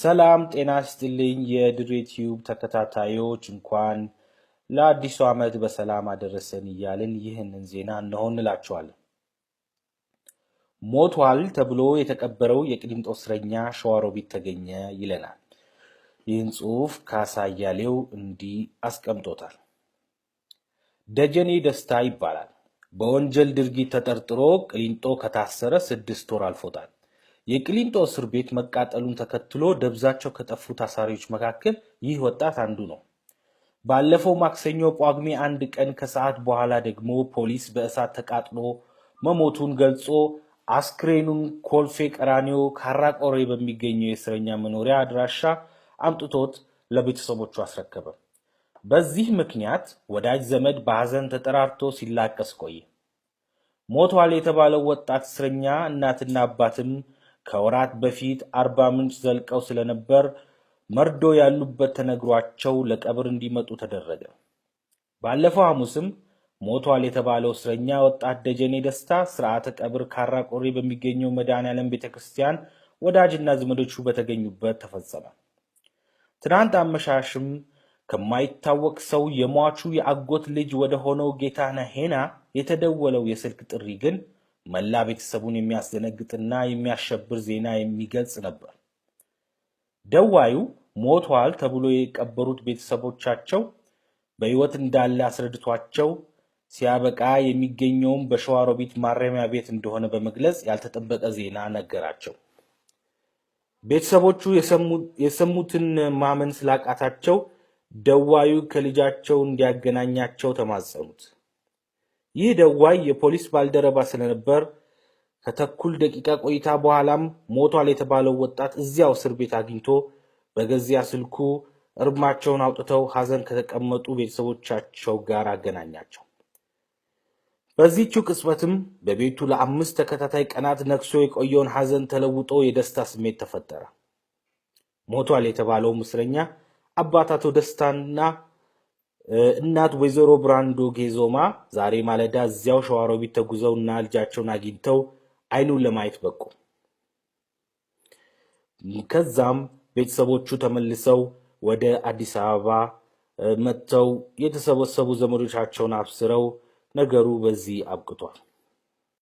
ሰላም ጤና ስትልኝ የድሬ ቲዩብ ተከታታዮች እንኳን ለአዲሱ ዓመት በሰላም አደረሰን እያልን ይህንን ዜና እነሆ እንላቸዋለን። ሞቷል ተብሎ የተቀበረው የቅሊንጦ እስረኛ ሸዋሮቢት ተገኘ ይለናል። ይህን ጽሑፍ ካሳያሌው እንዲህ አስቀምጦታል። ደጀኔ ደስታ ይባላል። በወንጀል ድርጊት ተጠርጥሮ ቅሊንጦ ከታሰረ ስድስት ወር አልፎታል። የቅሊንጦ እስር ቤት መቃጠሉን ተከትሎ ደብዛቸው ከጠፉ ታሳሪዎች መካከል ይህ ወጣት አንዱ ነው። ባለፈው ማክሰኞ ጳጉሜ አንድ ቀን ከሰዓት በኋላ ደግሞ ፖሊስ በእሳት ተቃጥሎ መሞቱን ገልጾ አስክሬኑን ኮልፌ ቀራኒዮ ካራቆሬ በሚገኘው የእስረኛ መኖሪያ አድራሻ አምጥቶት ለቤተሰቦቹ አስረከበ። በዚህ ምክንያት ወዳጅ ዘመድ በሐዘን ተጠራርቶ ሲላቀስ ቆየ። ሞቷል የተባለው ወጣት እስረኛ እናትና አባትም ከወራት በፊት አርባ ምንጭ ዘልቀው ስለነበር መርዶ ያሉበት ተነግሯቸው ለቀብር እንዲመጡ ተደረገ። ባለፈው ሐሙስም ሞቷል የተባለው እስረኛ ወጣት ደጀኔ ደስታ ስርዓተ ቀብር ካራ ቆሬ በሚገኘው መድኃኔዓለም ቤተ ክርስቲያን ወዳጅና ዘመዶቹ በተገኙበት ተፈጸመ። ትናንት አመሻሽም ከማይታወቅ ሰው የሟቹ የአጎት ልጅ ወደ ሆነው ጌታነህ ሄና የተደወለው የስልክ ጥሪ ግን መላ ቤተሰቡን የሚያስደነግጥና የሚያሸብር ዜና የሚገልጽ ነበር። ደዋዩ ሞቷል ተብሎ የቀበሩት ቤተሰቦቻቸው በሕይወት እንዳለ አስረድቷቸው ሲያበቃ የሚገኘውም በሸዋሮቢት ማረሚያ ቤት እንደሆነ በመግለጽ ያልተጠበቀ ዜና ነገራቸው። ቤተሰቦቹ የሰሙትን ማመን ስላቃታቸው ደዋዩ ከልጃቸው እንዲያገናኛቸው ተማጸኑት። ይህ ደዋይ የፖሊስ ባልደረባ ስለነበር ከተኩል ደቂቃ ቆይታ በኋላም ሞቷል የተባለው ወጣት እዚያው እስር ቤት አግኝቶ በገዚያ ስልኩ እርማቸውን አውጥተው ሐዘን ከተቀመጡ ቤተሰቦቻቸው ጋር አገናኛቸው። በዚህችው ቅጽበትም በቤቱ ለአምስት ተከታታይ ቀናት ነግሶ የቆየውን ሐዘን ተለውጦ የደስታ ስሜት ተፈጠረ። ሞቷል የተባለው እስረኛ አባታቶ ደስታና እናት ወይዘሮ ብራንዶ ጌዞማ ዛሬ ማለዳ እዚያው ሸዋሮቢት ተጉዘው እና ልጃቸውን አግኝተው አይኑን ለማየት በቁ። ከዛም ቤተሰቦቹ ተመልሰው ወደ አዲስ አበባ መጥተው የተሰበሰቡ ዘመዶቻቸውን አብስረው ነገሩ በዚህ አብቅቷል።